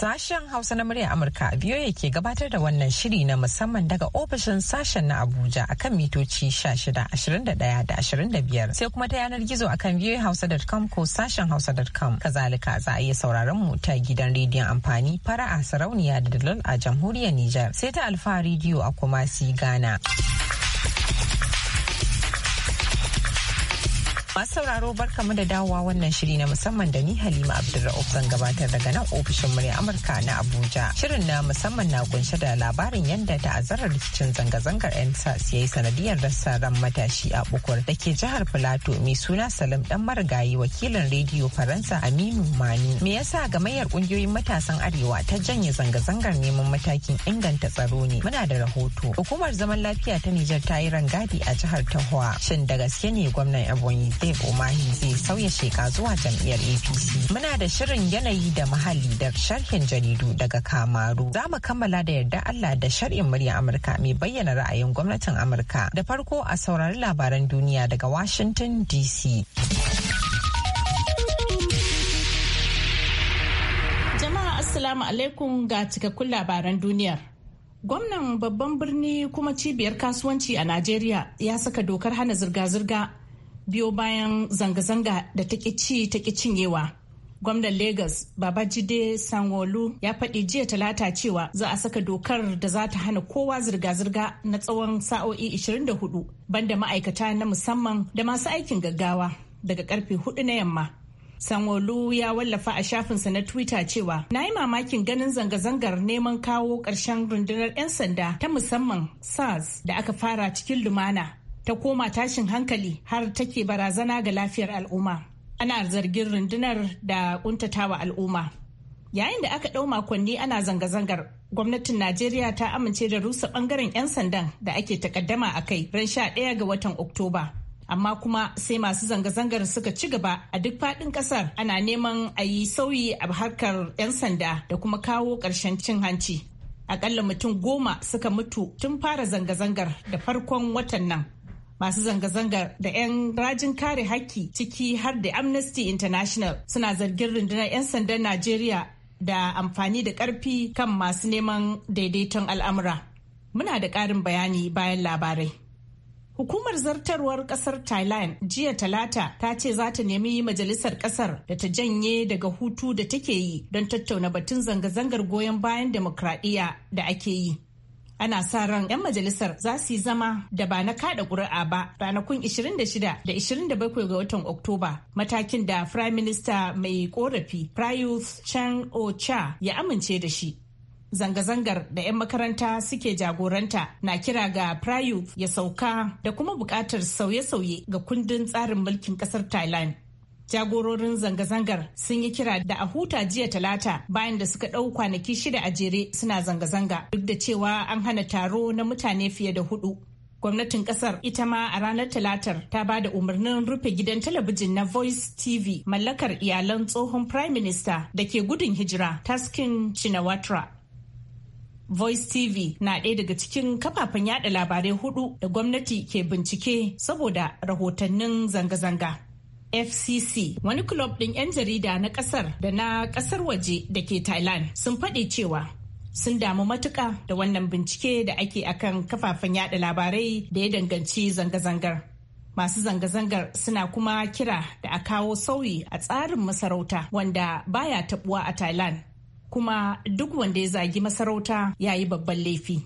Sashen Hausa na muryar Amurka a VOA ke gabatar da wannan shiri na musamman daga ofishin sashen na Abuja akan mitoci 16, da 25 sai kuma ta yanar gizo akan voahausa.com ko sashen hausa.com. Kazalika za a iya sauraron mu ta gidan rediyon amfani fara'a sarauniya da dalol a jamhuriyar Nijar sai ta Alfa rediyo a Kumasi Ghana. Masu sauraro mu da dawowa wannan shiri na musamman da ni Halima Abdulra'uf zan gabatar daga nan ofishin murya Amurka na Abuja. Shirin na musamman na kunshe da labarin yadda azarar rikicin zanga-zangar NSAS ya yi sanadiyar rasa ran matashi a Bukur da ke jihar Filato mai suna Salim dan marigayi wakilin rediyo Faransa Aminu Mani. Me yasa gamayyar kungiyoyin matasan Arewa ta janye zanga-zangar neman matakin inganta tsaro ne? Muna da rahoto. Hukumar zaman lafiya ta Nijar ta yi rangadi a jihar Tahowa. Shin da gaske ne gwamnan Ebonyi Taufik Umahi zai sauya sheka zuwa jam'iyyar APC. Muna da shirin yanayi da muhalli da sharhin jaridu daga Kamaru. Za mu kammala da yarda Allah da sharhin murya Amurka mai bayyana ra'ayin gwamnatin Amurka. Da farko a saurari labaran duniya daga Washington DC. Jama'a Assalamu alaikum ga cikakkun labaran duniyar. Gwamnan babban birni kuma cibiyar kasuwanci a Najeriya ya saka dokar hana zirga-zirga biyo bayan zanga-zanga da ta ci ta cinyewa. Gwamnan Legas Babajide Sanwolu ya faɗi jiya talata cewa za a saka dokar da za ta hana kowa zirga-zirga na tsawon sa'o'i 24 banda ma'aikata na musamman da masu aikin gaggawa daga karfe hudu na yamma. Sanwolu ya wallafa a shafinsa na Twitter cewa na yi mamakin ganin zanga-zangar neman kawo ƙarshen rundunar 'yan sanda ta musamman SARS da aka fara cikin lumana ta koma tashin hankali har take barazana ga lafiyar al'umma. Ana zargin rundunar da kuntatawa al'umma. Yayin da aka ɗau makonni ana zanga-zangar, gwamnatin Najeriya ta amince da rusa ɓangaren 'yan sandan da ake takaddama a kai ran sha ɗaya ga watan Oktoba. Amma kuma sai masu zanga-zangar suka ci gaba a duk faɗin ƙasar ana neman a yi sauyi a harkar 'yan sanda da kuma kawo ƙarshen cin hanci. Akalla mutum goma suka mutu tun fara zanga-zangar da farkon watan nan. masu zanga-zangar da 'yan rajin kare haƙƙi ciki har da amnesty international suna zargin rundunar 'yan sandan najeriya da amfani da ƙarfi kan masu neman daidaiton al'amura muna da ƙarin bayani bayan labarai Hukumar zartarwar ƙasar Thailand jiya talata ta ce za ta nemi majalisar ƙasar da ta janye daga hutu da take yi don tattauna batun zanga-zangar goyon bayan demokradiyya da ake yi. ana sa ran 'yan majalisar za su yi zama da ba na kada ƙuri'a ba ranakun 26 da 27 ga watan oktoba matakin da prime minister mai korafi prayuth chan ocha ya amince da shi zanga-zangar da 'yan makaranta suke jagoranta na kira ga prayuth ya sauka da kuma buƙatar sauye-sauye ga kundin tsarin mulkin ƙasar thailand jagororin zanga-zangar sun yi kira da a huta jiya talata bayan da suka ɗau kwanaki shida a jere suna zanga-zanga duk da cewa an hana taro na mutane fiye da hudu gwamnatin kasar ita ma a ranar talatar ta ba da umarnin rufe gidan talabijin na voice tv mallakar iyalan tsohon prime minister da ke gudun hijira taskin chinawatra Voice TV na ɗaya daga cikin kafafen yada labarai hudu da gwamnati ke bincike saboda rahotannin zanga-zanga. FCC wani kulob ɗin 'yan jarida na ƙasar da na ƙasar waje da ke Thailand sun faɗi cewa sun damu matuka da wannan bincike da ake akan kafafen yada labarai da ya danganci zanga-zangar. Masu zanga-zangar suna kuma kira da a kawo sauyi a tsarin masarauta wanda baya tabuwa a Thailand. Kuma duk wanda ya zagi masarauta ya yi babban laifi.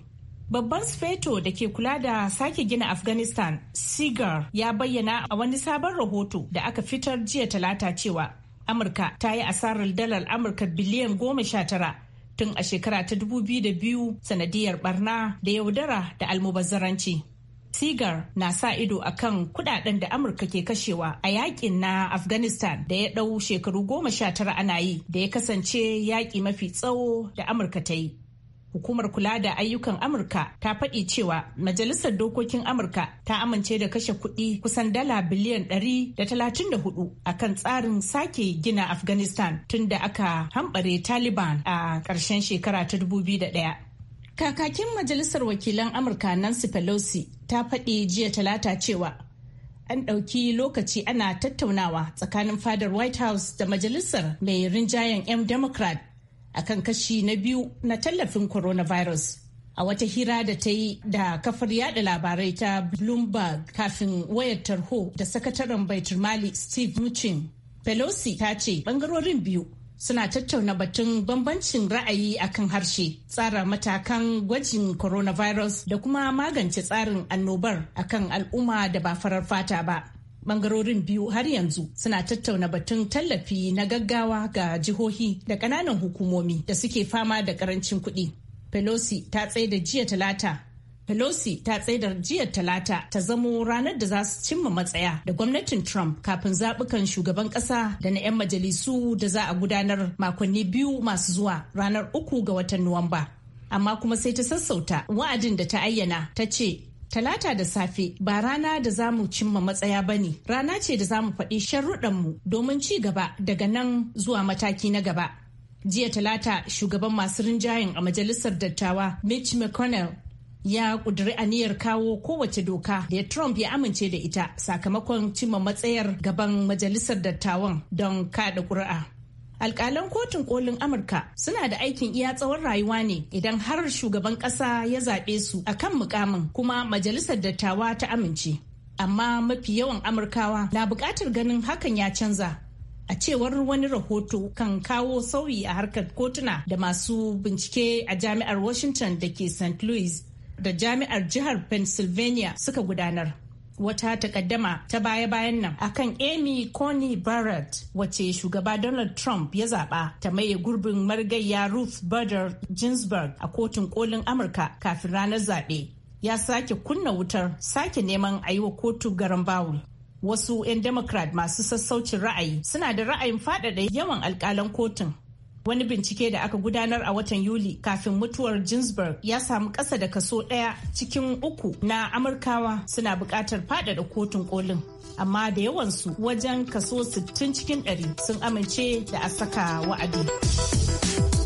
Babban Sufeto da ke kula da sake gina Afghanistan, Sigar, ya bayyana a wani sabon rahoto da aka fitar jiya talata cewa Amurka ta yi asarar dalar Amurka biliyan goma sha tara tun a shekara ta dubu biyu da biyu sanadiyar barna da yaudara da almubazzaranci. Sigar na sa ido a kan kudaden da Amurka ke kashewa a yakin na Afghanistan da ya ɗau shekaru goma sha tara ana yi da ya kasance yaƙi mafi tsawo da Amurka ta yi. Hukumar kula da ayyukan Amurka ta faɗi cewa Majalisar Dokokin Amurka ta amince da kashe kuɗi kusan dala biliyan 134 a kan tsarin sake gina Afghanistan tun da aka hambare Taliban a ƙarshen shekara ta 2001. Kakakin Majalisar Wakilan Amurka Nancy Pelosi ta faɗi jiya talata cewa an ɗauki lokaci ana tattaunawa tsakanin fadar White House da majalisar mai rinjayen 'yan Democrat akan kashi na biyu na tallafin coronavirus a wata hira da ta yi da kafar yada labarai ta bloomberg kafin wayar tarho da sakataren Mali steve mucin pelosi ta ce bangarorin biyu suna tattauna batun bambancin ra'ayi akan harshe tsara matakan gwajin coronavirus da kuma magance tsarin annobar akan al'umma da ba farar fata ba bangarorin biyu har yanzu suna tattauna batun tallafi na gaggawa ga jihohi da ƙananan hukumomi da suke fama da ƙarancin kuɗi. Pelosi ta tsaida jiya talata. Pelosi ta tsaida jiya talata ta zamo ranar da za su cimma matsaya da gwamnatin Trump kafin zaɓukan shugaban ƙasa da na 'yan majalisu da za a gudanar makonni biyu masu zuwa ranar uku ga watan Nuwamba. Amma kuma sai ta sassauta wa'adin da ta ayyana ta ce Talata da safe ba rana da za mu cimma matsaya ba ne, rana ce da za mu faɗi sharruɗanmu domin ci gaba daga nan zuwa mataki na gaba. Jiya Talata shugaban masu rinjayen a majalisar dattawa Mitch McConnell ya ƙudiri aniyar kawo kowace doka da Trump ya amince da ita sakamakon cimma matsayar gaban majalisar dattawan don kaɗa ƙuri'a. alkalan kotun kolin amurka suna da aikin iya tsawon rayuwa ne idan har shugaban kasa ya zaɓe su akan mukamin kuma majalisar dattawa ta amince amma mafi yawan amurkawa na buƙatar ganin hakan ya canza a cewar wani rahoto kan kawo sauyi a harkar kotuna da masu bincike a jami'ar washington da ke st louis da jami'ar jihar pennsylvania suka gudanar wata takaddama ta baya-bayan nan akan Amy Coney Barrett wace shugaba Donald Trump ya zaba ta maye gurbin margayya Ruth Bader Ginsburg a kotun kolin Amurka kafin ranar zaɓe. Ya sake kunna wutar sake neman a yi wa kotu garan bawul. Wasu 'yan Democrat masu sassaucin ra'ayi suna da ra'ayin faɗaɗa yawan alƙalan kotun Wani bincike da aka gudanar a watan Yuli kafin mutuwar Ginsburg ya samu kasa da kaso ɗaya cikin uku na Amurkawa suna buƙatar faɗaɗa kotun kolin. Amma da yawansu wajen kaso 60 cikin 100 sun amince da a saka wa'adi.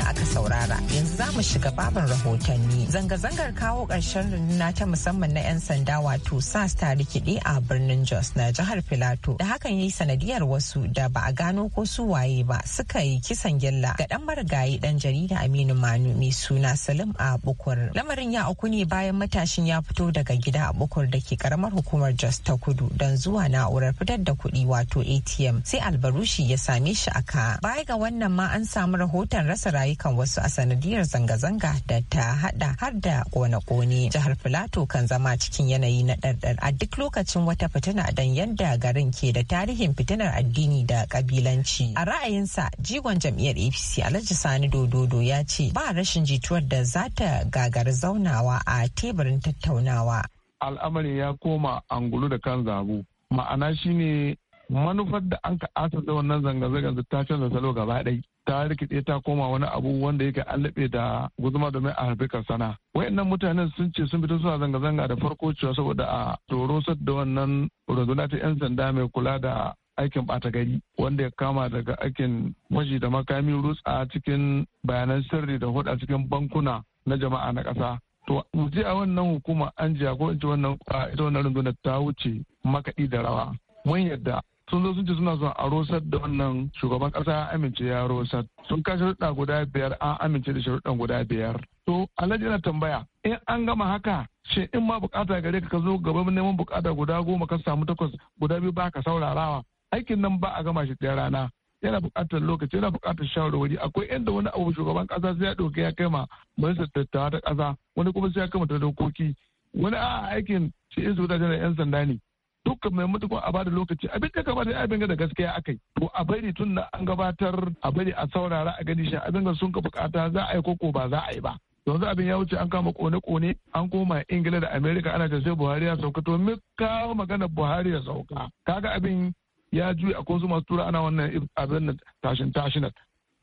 duniya aka saurara yanzu za mu shiga babin rahotanni zanga-zangar kawo ƙarshen runduna ta musamman na 'yan sanda wato sas ta rikide a birnin jos na jihar filato da hakan ya yi sanadiyar wasu da ba a gano ko su waye ba suka yi kisan gilla ga dan marigayi ɗan jarida aminu manu mai suna salim a bukur lamarin ya uku ne bayan matashin ya fito daga gida a bukur da ke karamar hukumar jos ta kudu don zuwa na'urar fitar da kuɗi wato atm sai albarushi ya same shi a ka. baya ga wannan ma an samu rahoton rasa rayuwa ayyukan wasu a sanadiyar zanga-zanga da ta hada har da kone-kone jihar filato kan zama cikin yanayi na ɗarɗar a duk lokacin wata fitina don yadda garin ke da tarihin fitinar addini da kabilanci a ra'ayinsa jigon jam'iyyar apc alhaji sani dododo ya ce ba rashin jituwar da za ta gagari zaunawa a teburin tattaunawa al'amari ya koma angulu da kan zabu ma'ana shine manufar da an ka da wannan zanga-zangar ta canza salo gaba ɗai ta rikide ta koma wani abu wanda yake allabe da guzuma domin a harbikar sana wayannan mutanen sun ce sun fito suna zanga-zanga da farko cewa saboda a tsoro da wannan rundunar ta 'yan sanda mai kula da aikin bata gari wanda ya kama daga aikin mashi da makami rutsa cikin bayanan sirri da hudu cikin bankuna na jama'a na ƙasa to je a wannan hukuma an jagoranci wannan ita wannan rundunar ta wuce makaɗi da rawa mun yadda sun zo sun ce suna son a rosar da wannan shugaban kasa ya amince ya rosar sun kashe sharuɗa guda biyar an amince da sharuɗan guda biyar to alhaji yana tambaya in an gama haka shi in ma bukata gare ka zo mun neman bukata guda goma ka samu takwas guda biyu ba ka saurarawa aikin nan ba a gama shi ɗaya rana yana buƙatar lokaci yana bukatar shawarwari akwai inda wani abu shugaban ƙasa sai ya ɗauki ya kai ma majalisar dattawa ta kasa wani kuma sai ya kama ta dokoki wani a aikin shi in su da yan sanda ne dukkan mai mutukun a bada lokaci abin da gaba da abin da gaskiya akai to a bari tun da an gabatar a bari a saurara a gani shi abin da sun ka bukata za a yi koko ba za a yi ba yanzu abin ya wuce an kama kone-kone an koma ingila da amerika ana ta sai buhari ya sauka to me kawo magana buhari ya sauka kaga abin ya juya a kunsu masu tura ana wannan abin tashin tashin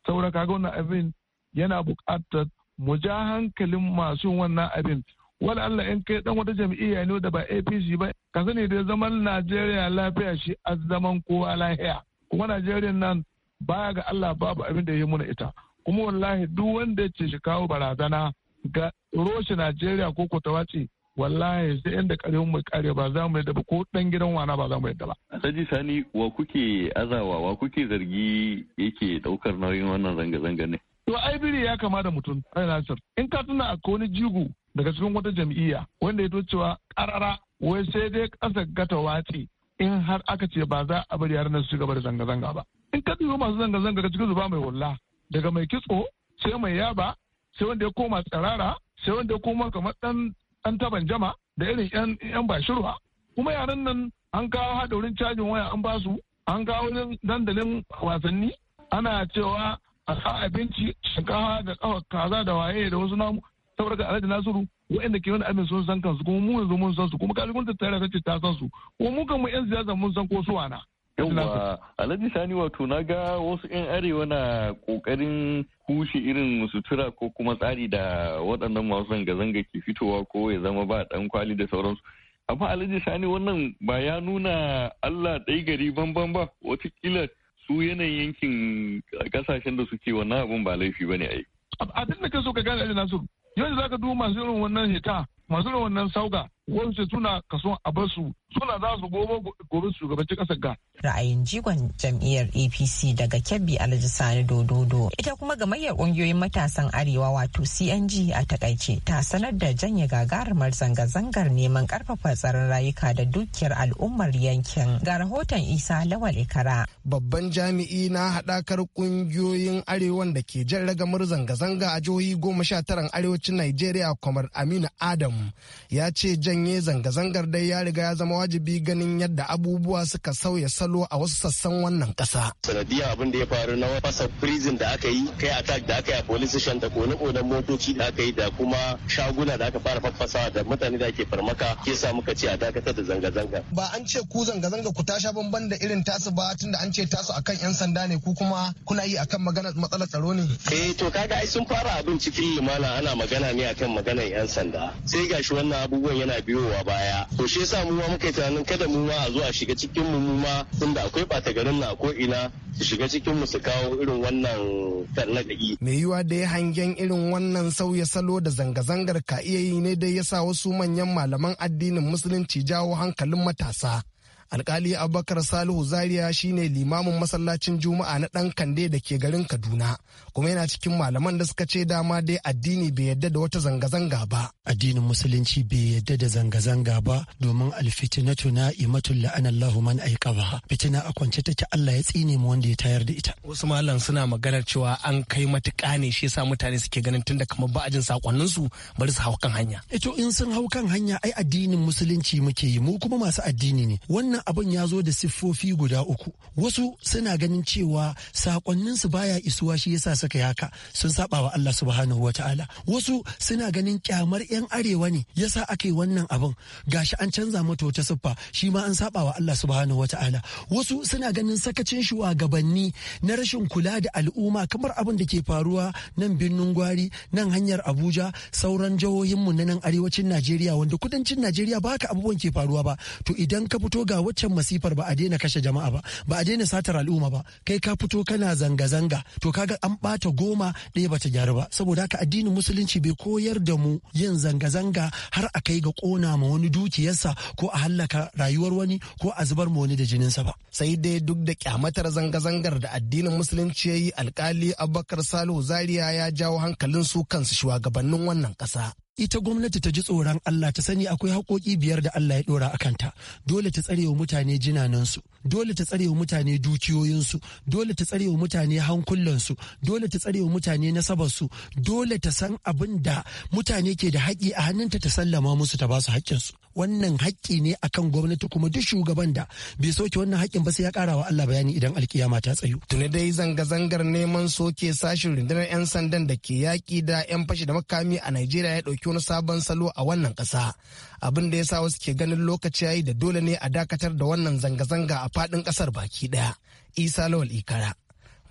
saboda kaga wannan abin yana bukatar mu ja hankalin masu wannan abin wani Allah in kai dan wata jam'iyya ne da ba APC ba ka sani da zaman Najeriya lafiya shi a zaman kowa lafiya kuma Najeriya nan baya ga Allah babu abin da ya muna ita kuma wallahi duk wanda ya ce shi kawo barazana ga roshi Najeriya ko ko tawaci wallahi sai inda kare mu kare ba za mu yadda ba ko dan gidan wana ba za mu yadda ba Alhaji Sani wa kuke azawa wa kuke zargi yake daukar nauyin wannan zanga zanga ne to ai biri ya kama da mutum ai Nasir in ka tuna akwai wani jigo daga cikin wata jam'iyya wanda ya cewa karara wai sai dai kasa gata watsi in har aka ce ba za a bari yaran su gaba da zanga-zanga ba in ka duba masu zanga-zanga daga cikin zuba mai walla daga mai kitso sai mai yaba sai wanda ya koma tsirara sai wanda ya koma kamar dan dan taban jama da irin yan yan bashirwa kuma yaran nan an kawo hada wurin cajin waya an basu an kawo wurin dandalin wasanni ana cewa a sa abinci shinkafa da kaza da waye da wasu namu saboda ga alhaji nasiru waɗanda ke wani abin sun san kansu kuma mu yanzu mun san su kuma kaji gwamnati tare da ce ta san su kuma mu kan mu yan siyasa mun san ko suwa na. yawwa alhaji sani wato na ga wasu yan arewa na kokarin kushe irin sutura ko kuma tsari da waɗannan masu zanga-zanga ke fitowa ko ya zama ba dan kwali da sauransu amma alhaji sani wannan ba ya nuna allah ɗai gari banban ba watakila su yanayin yankin kasashen da suke wannan abun ba laifi ba ne a yi. a abin da ka so ka gane alhaji nasiru yanzu zaka duba masu irin wannan hita masu irin wannan sauka. wasu suna kaso a basu suna za su gobe gobe shugabanci kasar ga. Ra'ayin jigon jam'iyyar APC daga Kebbi Alhaji Sani Dododo ita kuma gamayyar ƙungiyoyin matasan Arewa wato CNG a takaice ta sanar da janye gagarumar zanga-zangar neman karfafa tsaron rayuka da dukiyar al'ummar yankin ga rahoton Isa Lawal Ikara. Babban jami'i na haɗakar ƙungiyoyin Arewan da ke jan ragamar zanga-zanga a jihohi goma sha taran arewacin Najeriya kamar Aminu Adam ya ce jan janye zanga-zangar dai ya riga ya zama wajibi ganin yadda abubuwa suka sauya salo a wasu sassan wannan kasa. sanadiyar abin da ya faru na fasa prison da aka yi kai attack da aka yi a police station da kone-konen motoci da aka yi da kuma shaguna da aka fara faffasa da mutane da ke farmaka ke sa muka ce a dakatar da zanga-zanga. ba an ce ku zanga-zanga ku tasha bamban da irin tasu ba tunda an ce tasu akan 'yan sanda ne ku kuma kuna yi akan maganar matsalar tsaro ne. eh to kaga ai sun fara abin cikin limana ana magana ne akan maganar 'yan sanda sai gashi wannan abubuwan yana biyowa baya to shi yasa mu ma muka yi tunanin kada mu ma a zo a shiga cikin mu ma tunda akwai bata garin na ko ina su shiga cikin mu su kawo irin wannan yi me yiwa ya hangen irin wannan sauya salo da zanga-zangar ka iya yi ne dai yasa wasu manyan malaman addinin musulunci jawo hankalin matasa alkali abubakar salihu zaria shine limamin masallacin juma'a na dan kande da ke garin kaduna kuma yana cikin malaman da suka ce dama dai addini bai yadda da wata zanga-zanga ba addinin musulunci bai yadda da zanga-zanga ba domin alfitinatu na imatul la'anallahu man ba fitina a kwance take Allah ya tsine mu wanda ya tayar da ita wasu malam suna maganar cewa an kai matuƙa ne shi yasa mutane suke ganin tunda kamar ba a jin sakonnin su bari su hau kan hanya ito in sun hau kan hanya ai addinin musulunci muke yi mu kuma masu addini ne wannan wannan abin ya zo da siffofi guda uku wasu suna ganin cewa sakonnin su baya isuwa shi yasa suka yaka sun saba wa Allah subhanahu wataala wasu suna ganin kyamar yan arewa ne yasa aka yi wannan abin gashi an canza mata wata siffa shi ma an saba wa Allah subhanahu wataala wasu suna ganin sakacin shugabanni na rashin kula da al'umma kamar abin da ke faruwa nan birnin gwari nan hanyar abuja sauran jihohinmu na nan arewacin najeriya wanda kudancin najeriya ba haka abubuwan ke faruwa ba to idan ka fito ga waccan masifar ba a daina kashe jama'a ba ba a daina satar al'umma ba kai ka fito kana zanga-zanga to kaga an bata goma ɗaya bata gyaru ba saboda haka addinin musulunci bai koyar da mu yin zanga-zanga har a kai ga kona ma wani dukiyarsa ko a hallaka rayuwar wani ko a zubar ma wani da jininsa ba sai dai duk da kyamatar zanga-zangar da addinin musulunci ya yi alkali abubakar salo zaria ya jawo hankalin su kansu shugabannin wannan ƙasa. ita gwamnati ta ji tsoron Allah ta sani akwai haƙoƙi biyar da Allah ya ɗora a kanta dole ta tsarewa mutane jinanansu dole ta tsarewa mutane dukiyoyinsu dole ta tsarewa mutane hankulansu dole ta tsarewa mutane nasabarsu dole ta san abin da mutane ke da haƙi a hannunta ta sallama musu ta ba su haƙƙinsu wannan haƙƙi ne akan gwamnati kuma duk shugaban da bai soke wannan haƙƙin ba sai ya ƙara wa Allah bayani idan alkiyama ta tsayu. Tuni dai zanga-zangar neman soke sashin rundunar 'yan sandan da ke yaƙi da 'yan fashi da makami a Najeriya ya ɗauki wani sabon salo a wannan ƙasa. Abin da ya sa wasu ke ganin lokaci yayi da dole ne a dakatar da wannan zanga-zanga a faɗin ƙasar baki ɗaya. Isa Lawal Ikara.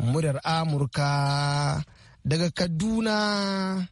Murar Amurka daga Kaduna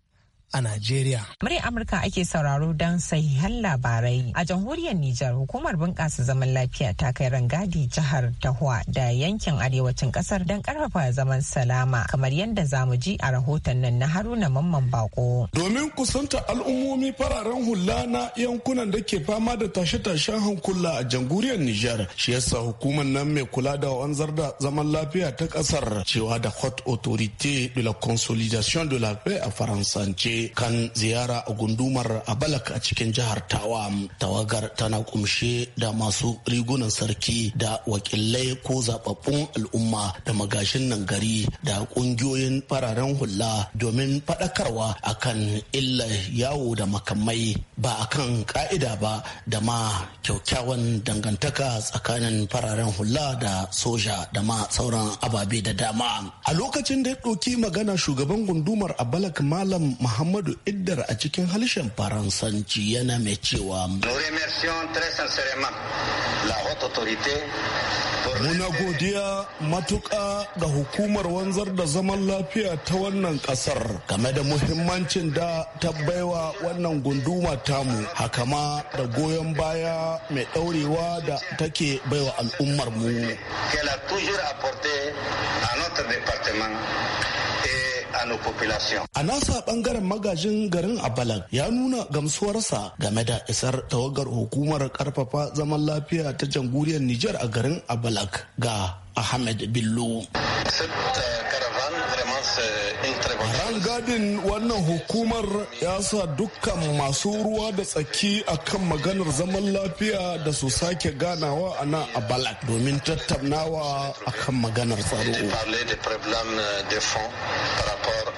a Najeriya. Murya Amurka ake sauraro don sahihan labarai. A jamhuriyar Nijar hukumar bunƙasa zaman lafiya ta kai rangadi jihar tahuwa da yankin arewacin ƙasar don ƙarfafa zaman salama kamar yadda zamu ji a rahoton nan na Haruna Mamman Bako. Domin kusanta al'ummomi fararen hula na yankunan da ke fama da tashe-tashen hankula a jamhuriyar Nijar shi yasa hukumar nan mai kula da wanzar da zaman lafiya ta ƙasar cewa da Hot Autorité de la Consolidation de la Paix a Faransance kan ziyara a gundumar abalak a cikin jihar tawa tawagar tana kumshe da masu rigunan sarki da wakilai ko zababbun al'umma da magashin nan gari da kungiyoyin fararen hula domin faɗakarwa akan illa yawo da makamai ba a kan ka'ida ba da ma kyaukyawan dangantaka tsakanin fararen hula da soja da ma sauran ababe da dama a lokacin da ya magana shugaban gundumar abalak malam muhammad Muhammadu Iddar a cikin harshen Faransanci yana mai cewa Muna godiya matuƙa ga hukumar wanzar da zaman lafiya ta wannan ƙasar game da muhimmancin da ta baiwa wannan gunduma tamu hakama da goyon baya mai ɗaurewa da take baiwa al'ummar mu. à population. A nasa bangaren magajin garin Abalan ya nuna gamsuwarsa game da isar tawagar hukumar karfafa zaman lafiya ta jamhuriyar Nijar a garin Abalak ga Ahmed Bello. Rangadin wannan hukumar ya sa dukkan masu ruwa da tsaki a kan maganar zaman lafiya da su sake ganawa a nan a Balad domin tattaunawa a kan maganar tsaro.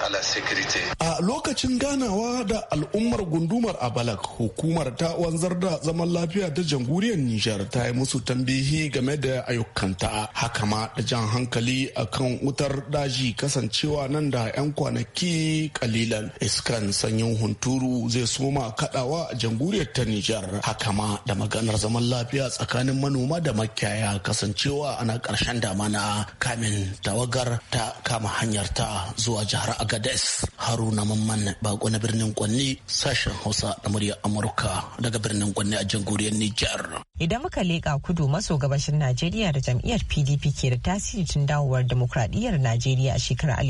Euh, a lokacin ganawa da al'ummar gundumar a balak hukumar ta wanzar da zaman lafiya ta jamhuriyar Nijar ta yi musu tambihi game da ayyukanta, haka ma da jan hankali akan wutar daji kasancewa nan da 'yan kwanaki kalilan iskan sanyin hunturu zai soma kadawa a jamhuriyar ta Nijar haka ma da maganar zaman lafiya tsakanin manoma da makiyaya kasancewa ana karshen damana kamin tawagar ta kama hanyar ta zuwa jihar Agades Haruna Mamman bako na birnin Kwanni sashen Hausa da muryar Amurka daga birnin Kwanni a jamhuriyar Nijar idan muka leƙa kudu maso gabashin Najeriya da jam'iyyar PDP ke da tasiri tun dawowar demokradiyyar Najeriya a shekarar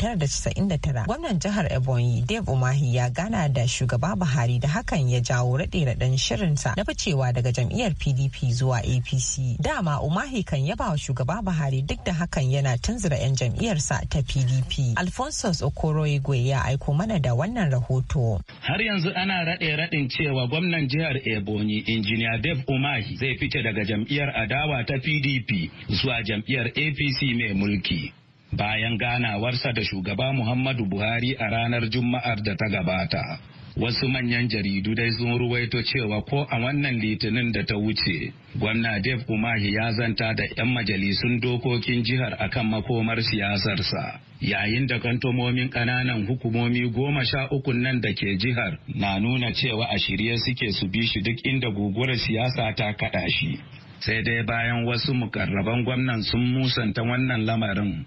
tara. 1999 gwamnan jihar ebonyi dave umahi ya gana da shugaba buhari da hakan ya jawo raɗe raɗen shirinsa na ficewa daga jam'iyyar pdp zuwa apc dama umahi kan yaba wa shugaba buhari duk da hakan yana tunzura 'yan jam'iyyarsa ta pdp alfonso okoroigwe ya aiko mana da wannan rahoto har yanzu ana raɗe raɗin cewa gwamnan jihar ebonyi injiniya dave umahi zai fice daga jam'iyyar adawa ta pdp zuwa jam'iyyar apc mai mulki bayan ganawarsa da shugaba Muhammadu Buhari a ranar Juma'ar da ta gabata. Wasu manyan jaridu dai sun ruwaito cewa ko a wannan litinin da ta wuce, gwamna Dev Umahi ya zanta da 'yan majalisun dokokin jihar akan makomar siyasarsa. Yayin da kantomomin ƙananan hukumomi goma sha uku nan da ke jihar na nuna cewa a shirye suke su bi shi duk inda guguwar siyasa ta kaɗa shi. Sai dai bayan wasu mukarraban gwamnan sun musanta wannan lamarin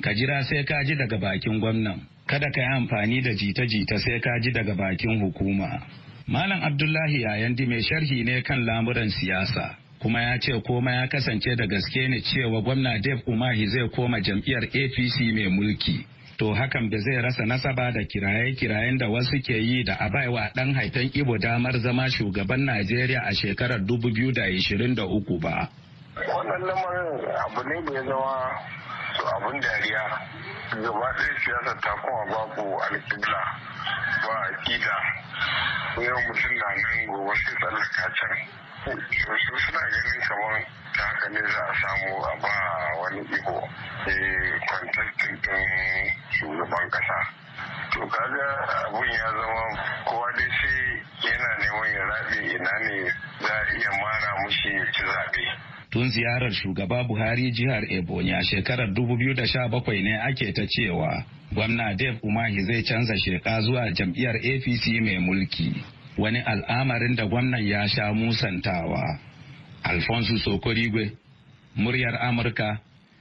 ka jira sai ka ji daga bakin gwamnan kada ka yi amfani da jita-jita sai ka ji daga bakin hukuma malam abdullahi yayan mai sharhi ne kan lamuran siyasa kuma ya ce koma ya kasance da gaske ne cewa gwamna Dave Umahi zai koma jam'iyyar APC mai mulki. To hakan ba zai rasa nasaba da kiraye-kirayen da wasu ke yi da a baiwa dan haifan Ibo damar zama shugaban Najeriya a shekarar 2023 ba. Wannan lamarin abu ne da zama so abun dariya gaba ɗaya siyasa ta kuma babu alƙibla ba ƙida yau mutum na nan gobe sai tsallaka can wasu suna ganin kamar ta haka ne za a samu a ba wani ibo eh, kwantaktin ɗin shugaban ƙasa to kaga abun ya zama kowa dai sai yana neman ya rabe ina ne za a iya mara mushi ci zaɓe Tun ziyarar shugaba Buhari jihar Ebonyi a shekarar 2017 ne ake ta cewa gwamna Dave Umahi zai canza sheka zuwa jam'iyyar APC mai mulki. Wani al'amarin da gwamnan ya sha musantawa. Alfonso Sokorigwe, muryar Amurka,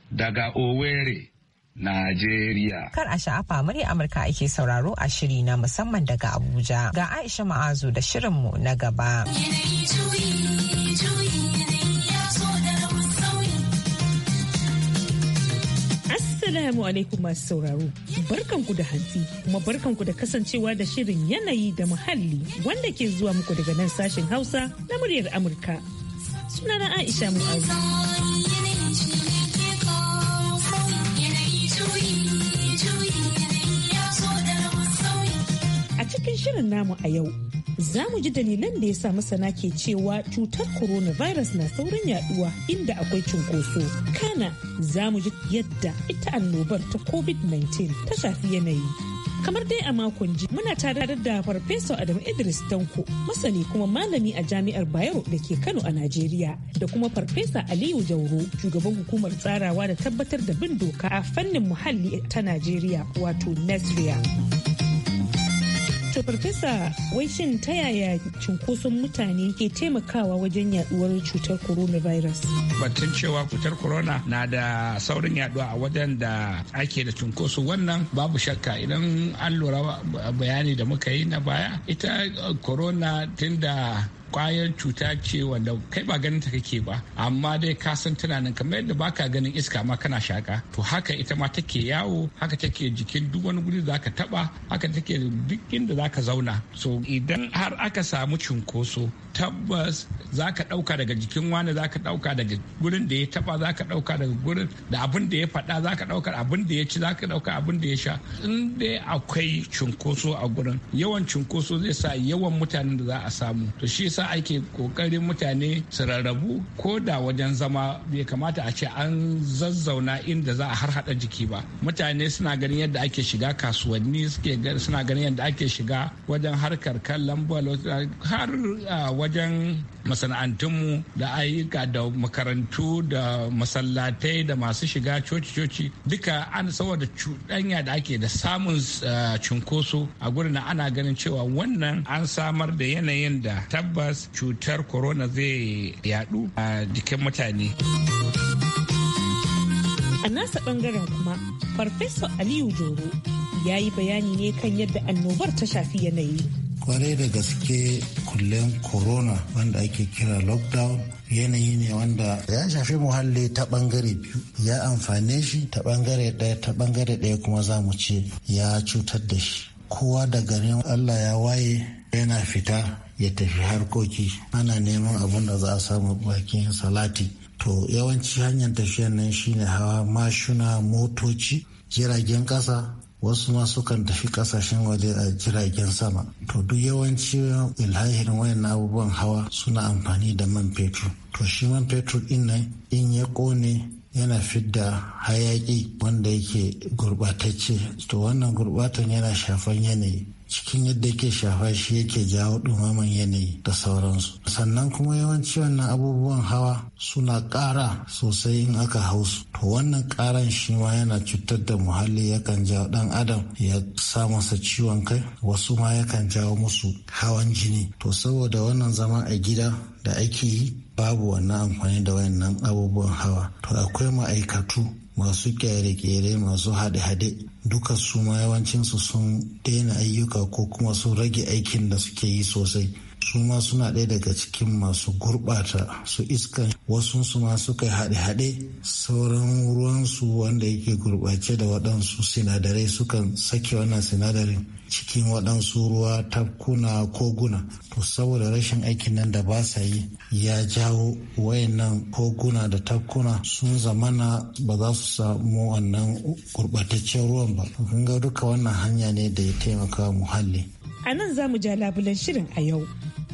daga Owerri, Najeriya. Kar a sha'afa murya Amurka ake sauraro a shiri na musamman daga Abuja. Ga Aisha Ma'azu da shirinmu na gaba. Assalamu alaikum masu sauraro. Barkanku da hantsi kuma barkanku da kasancewa da shirin yanayi da muhalli wanda ke zuwa muku daga nan sashen Hausa na muryar Amurka. Sunana Aisha a cikin shirin namu a yau za mu ji dalilan da ya sa masana ke cewa cutar coronavirus na saurin yaduwa inda akwai cunkoso kana za mu ji yadda ita annobar ta covid-19 ta shafi yanayi kamar dai a makon ji muna tare da farfesa adam idris tanko masani kuma malami a jami'ar bayero da ke kano a najeriya da kuma farfesa aliyu jauro shugaban hukumar tsarawa da tabbatar da bin doka a fannin muhalli ta najeriya wato nasriya To farfesa wai shin ta yaya cunkoson mutane ke taimakawa wajen yaduwar cutar coronavirus? Batun cewa cutar corona na da saurin yaduwa a wajen da ake da cunkoso wannan babu shakka idan an lura bayani da muka yi na baya ita corona tun da kwayar cuta ce wanda kai ba ganin ta kake ba amma dai ka san tana nan kamar yadda baka ganin iska ma kana shaka to haka ita ma take yawo haka take jikin duk wani guri da zaka taba haka take duk inda zaka zauna so idan har aka samu cunkoso tabbas za ka ɗauka daga jikin wani za ka ɗauka daga gurin da ya taba za ka ɗauka daga gurin da abin da ya faɗa za ka ɗauka abin da ya ci za ka ɗauka abin da ya sha in dai akwai cunkoso a gurin yawan cunkoso zai sa yawan mutanen da za a samu to shi sa ake kokarin mutane su rarrabu ko da wajen zama bai kamata a ce an zazzauna inda za a harhaɗa jiki ba mutane suna ganin yadda ake shiga kasuwanni suna ganin yadda ake shiga wajen harkar kallon balo har ah, wajen masana'antunmu da ayyuka da makarantu da masallatai da masu shiga coci-coci duka an saboda cuɗanya da ake da samun eh, cunkoso a gurin ana ganin cewa wannan an samar da yanayin da tabbas cutar corona zai yadu a jikin mutane. A nasa bangaren kuma, Farfesa Aliyu Joro ya yi bayani ne kan yadda annobar ta shafi yanayi. kwarai da gaske kullen corona wanda ake kira lockdown yanayi ne wanda ya shafi muhalli ta bangare biyu ya amfane shi ta bangare daya ta bangare daya kuma za mu ce ya cutar da shi kowa da garin allah ya waye yana fita ya tafi harkoki ana neman abin da za a samu bakin salati to yawanci hanyar tafiyan nan shine hawa mashina motoci jiragen kasa wasu ma sukan tafi kasashen waje a jiragen sama to duk yawanci ilhahirin wayan abubuwan hawa suna amfani da man fetur to shi man fetur din in ya kone yana fidda hayaki wanda yake gurbatacce to wannan gurbatan yana shafan yanayi cikin yadda yake shafa shi yake jawo ɗumaman yanayi da sauransu sannan kuma yawanci wannan abubuwan hawa suna ƙara sosai in aka hau su to wannan ƙaran shi ma yana cutar da muhalli yakan jawo ɗan adam ya sa masa ciwon kai wasu ma yakan jawo musu hawan jini to saboda wannan zama a gida da ake yi babu wannan amfani da wayannan abubuwan hawa to akwai ma'aikatu masu kere-kere masu hade-hade duka su ma yawancinsu sun daina ayyuka ko kuma sun rage aikin da suke yi sosai su ma suna ɗaya daga cikin masu gurɓata su iskan wasu su ma suka haɗe-haɗe sauran ruwansu wanda yake gurɓace da waɗansu sinadarai sukan sake wannan sinadarin cikin waɗansu ruwa tafkuna koguna to saboda rashin aikin nan da ba sa yi ya jawo wayannan koguna da tafkuna sun zamana ba za su samu wannan gurɓataccen ruwan ba kun ga duka wannan hanya ne da ya taimaka muhalli a nan za mu ja labulen shirin a yau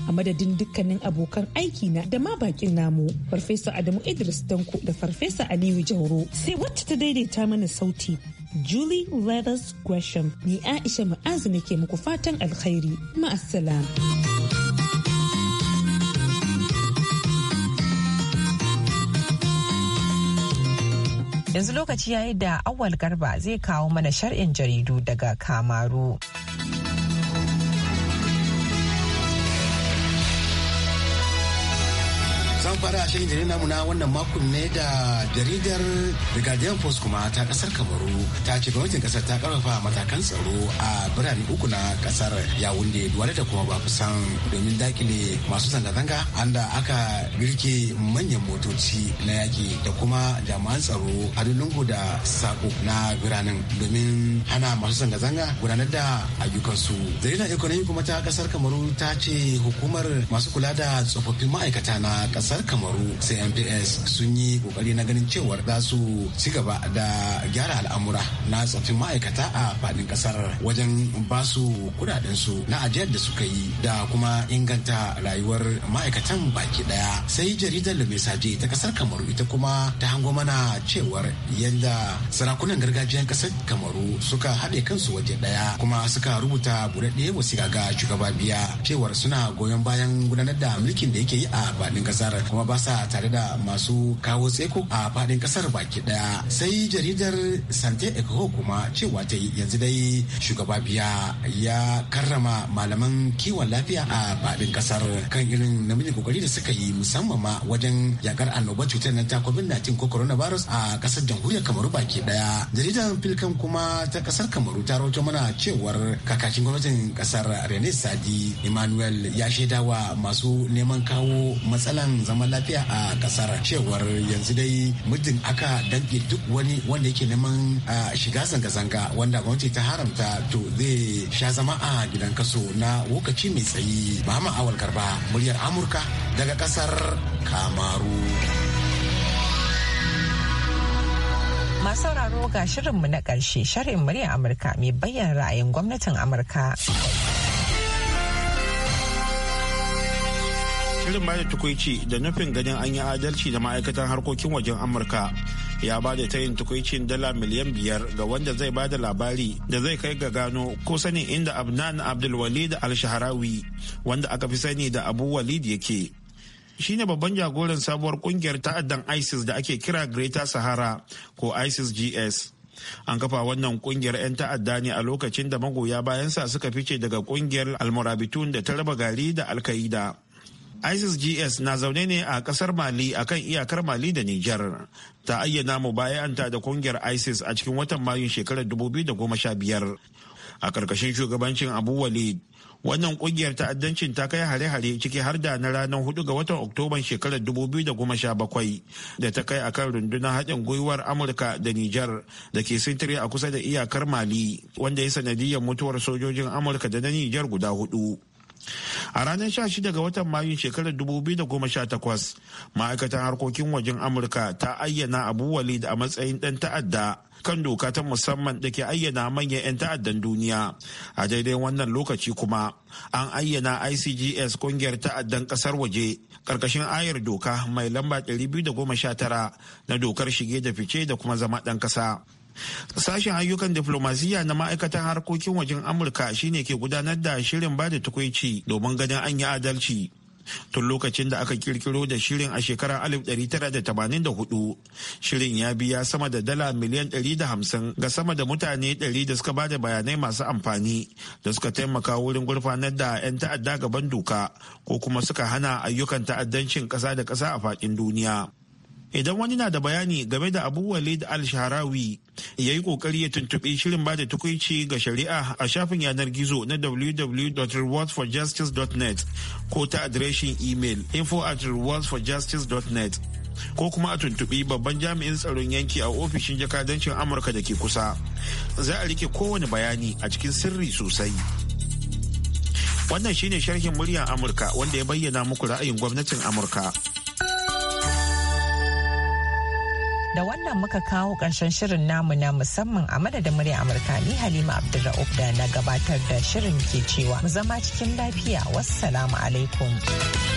a madadin dukkanin abokan aiki na da ma bakin namu farfesa adamu idris danko da farfesa aliyu jauro sai wacce ta daidaita mana sauti julie leathers gresham ni aisha ma'azu nake muku fatan alkhairi ma'assalam. yanzu lokaci yayi da awal garba zai kawo mana shar'in jaridu daga kamaru. fara shirin jirgin namu na wannan makon ne da jaridar The Guardian Post kuma ta kasar Kamaru ta ce gwamnatin kasar ta karfafa matakan tsaro a birane uku na kasar Yawunde Duwale da kuma Bafusan domin dakile masu zanga-zanga da aka girke manyan motoci na yaki da kuma jami'an tsaro a lungu da sako na biranen domin hana masu zanga-zanga gudanar da ayyukansu. Jaridar Economy kuma ta kasar Kamaru ta ce hukumar masu kula da tsofaffin ma'aikata na kasar kamaru cnps sun yi kokari na ganin cewar za su ci gaba da gyara al'amura na tsafin ma'aikata a faɗin kasar wajen ba su kudaden su na ajiyar da suka yi da kuma inganta rayuwar ma'aikatan baki daya sai jaridar lumisaje ta kasar kamaru ita kuma ta hango mana cewar yadda sarakunan gargajiyar kasar kamaru suka haɗe kansu waje daya kuma suka rubuta buɗaɗɗe wasiƙa ga shugaba biya cewar suna goyon bayan gudanar da mulkin da yake yi a faɗin kasar. kuma ba sa tare da masu kawo tseko a fadin kasar baki daya sai jaridar sante ekho kuma cewa ta yanzu dai shugaba biya ya karrama malaman kiwon lafiya a fadin kasar. kan irin namijin kokari da suka yi musamman ma wajen yakar annobar cutar na ta covid-19 ko coronavirus a kasar jamhuriyar kamaru baki daya. jaridar filkan kuma ta ƙasar kamaru ta rawaito mana cewar kakakin gwamnatin kasar rene sadi emmanuel ya shaidawa masu neman kawo matsalan zama zaman lafiya a kasar cewar yanzu dai muddin aka danke duk wani wanda yake neman shiga zanga-zanga wanda gwamnati ta haramta to zai sha zama a gidan kaso na lokaci mai tsayi ma Awal Garba muryar Amurka daga kasar Kamaru. Masu sauraro ga mu na ƙarshe shirin muryar Amurka mai bayyana ra'ayin gwamnatin Amurka. shirin bada tukuici da nufin ganin an yi adalci da ma'aikatan harkokin wajen amurka ya ba da tayin tukuicin dala miliyan biyar ga wanda zai ba da labari da zai kai ga gano ko sanin inda abnan abdulwalid al-shaharawi wanda aka fi sani da abu walid yake shine babban jagoran sabuwar kungiyar ta'addan isis da ake kira greater sahara ko isis gs an kafa wannan kungiyar 'yan ta'adda ne a lokacin da magoya bayansa suka fice daga kungiyar almurabitun da ta raba gari da alkaida ISIS-GS na zaune ne a kasar Mali a kan iyakar Mali da Nijar. Ta ayyana mu bayanta da kungiyar ISIS a cikin watan Mayun shekarar 2015. A karkashin shugabancin Abu Walid, wannan kungiyar ta'addancin ta kai hare-hare ciki har da na ranar 4 ga watan Oktoban shekarar 2017 da ta kai akan rundunar haɗin gwiwar Amurka da Nijar da ke sintiri a kusa da iyakar Mali, wanda ya sanadiyar mutuwar sojojin Amurka da na Nijar guda hudu. a ranar 16 ga watan mayu shekarar 2018 ma'aikatan harkokin wajen amurka ta ayyana abu walid a matsayin ɗan ta'adda kan doka ta musamman da ke ayyana manyan 'yan ta'addan duniya a daidai wannan lokaci kuma an ayyana icgs kungiyar ta'addan kasar waje karkashin ayar doka mai lamba 219 na dokar shige da fice da kuma zama ɗan ƙasa. Sashen ayyukan diflomasiyya na ma'aikatan harkokin wajen Amurka shine ke gudanar da shirin ba da tukwaici domin ganin an yi adalci. tun lokacin da aka kirkiro da shirin a shekarar 1984 shirin ya biya sama da dala miliyan 150 ga sama da mutane 100 da suka bada bayanai masu amfani da suka taimaka wurin gurfanar da 'yan ta'adda gaban doka ko kuma suka hana ayyukan ta'addancin ƙasa da ƙasa a faɗin duniya idan wani na da bayani game da abu walid al-sharawi ya yi kokari ya tuntuɓi shirin bada tukuici ga shari'a a shafin yanar gizo na www.rewardsforjustice.net ko ta adireshin email info at rewardsforjustice.net ko kuma a tuntuɓi babban jami'in tsaron yanki a ofishin jakadancin amurka da ke kusa za a rike kowane bayani a cikin sirri sosai wannan shine sharhin muryar amurka wanda ya bayyana muku ra'ayin gwamnatin amurka da wannan muka kawo ƙarshen shirin namu na musamman a madadin murya amurka ni halima abdulra'uf da na gabatar da shirin ke cewa mu zama cikin lafiya wassalamu alaikum.